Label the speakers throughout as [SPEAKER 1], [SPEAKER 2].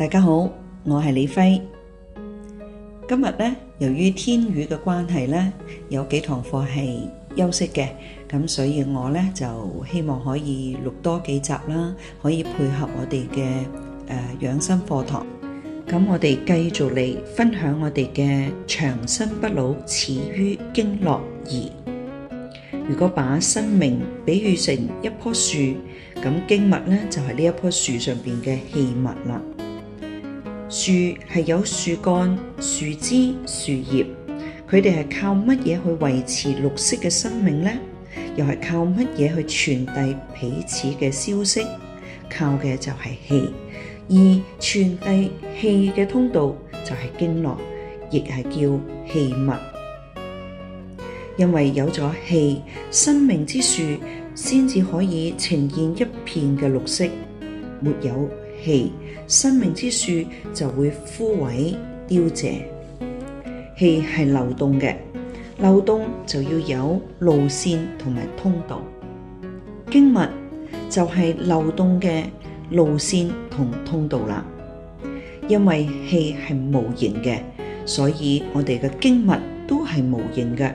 [SPEAKER 1] 大家好，我係李輝。今日咧，由於天雨嘅關係呢，有幾堂課係休息嘅，咁所以我呢就希望可以錄多幾集啦，可以配合我哋嘅誒養生課堂。咁我哋繼續嚟分享我哋嘅長生不老，始於經絡儀。如果把生命比喻成一棵樹，咁經脈呢就係呢一棵樹上面嘅器物啦。樹係有樹幹、樹枝、樹葉，佢哋係靠乜嘢去維持綠色嘅生命呢？又係靠乜嘢去傳遞彼此嘅消息？靠嘅就係氣，而傳遞氣嘅通道就係經絡，亦係叫氣脈。因為有咗氣，生命之樹先至可以呈現一片嘅綠色，沒有。氣，生命之樹就會枯萎凋謝。氣係流動嘅，流動就要有路線同埋通道。經脈就係流動嘅路線同通道啦。因為氣係無形嘅，所以我哋嘅經脈都係無形嘅。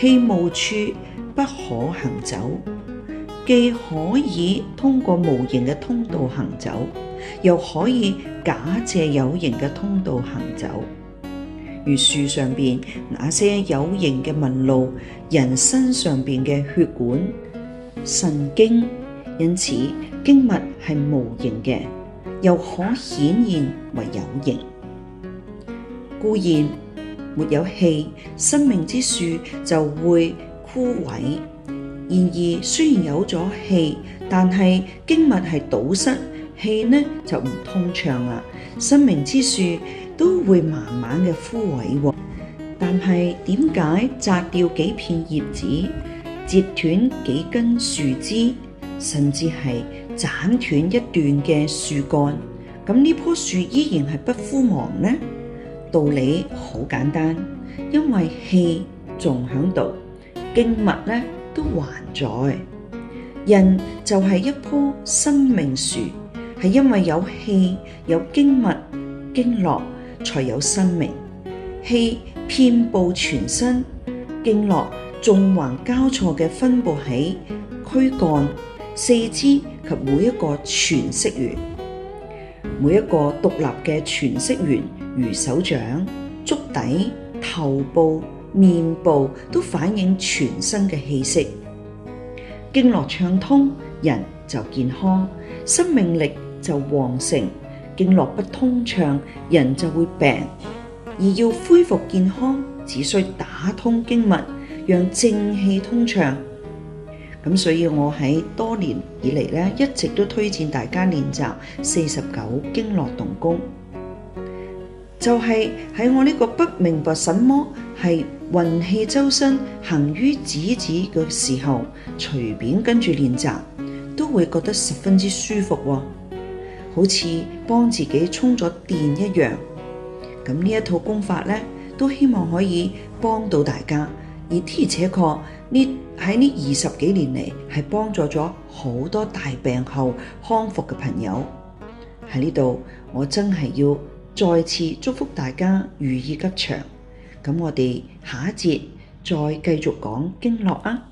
[SPEAKER 1] 氣無處不可行走。既可以通過無形嘅通道行走，又可以假借有形嘅通道行走。如樹上邊那些有形嘅紋路，人身上邊嘅血管、神經，因此經脈是無形嘅，又可顯現為有形。固然沒有氣，生命之樹就會枯萎。然而雖然有咗氣，但係經脈係堵塞，氣呢就唔通暢啦。生命之樹都會慢慢嘅枯萎，但係點解摘掉幾片葉子，折斷幾根樹枝，甚至係斬斷一段嘅樹幹，咁呢棵樹依然係不枯黃呢？道理好簡單，因為氣仲響度，經脈呢。都還在，人就係一棵生命樹，係因為有氣有經脈經絡，才有生命。氣遍布全身，經絡縱橫交錯嘅分布喺軀幹、四肢及每一個全息源，每一個獨立嘅全息源，如手掌、足底、頭部。面部都反映全身嘅氣息。經絡暢通，人就健康，生命力就旺盛；經絡不通暢，人就會病。而要恢復健康，只需打通經脈，讓正氣通暢。咁所以，我喺多年以嚟呢，一直都推薦大家練習四十九經絡動功。就係喺我呢個不明白什麼係運氣周身行於指指嘅時候，隨便跟住練習，都會覺得十分之舒服，哦，好似幫自己充咗電一樣。咁呢一套功法呢，都希望可以幫到大家。而天車課呢，喺呢二十幾年嚟，係幫助咗好多大病後康復嘅朋友。喺呢度，我真係要再次祝福大家如意吉祥，咁我哋下一節再繼續講經絡吖。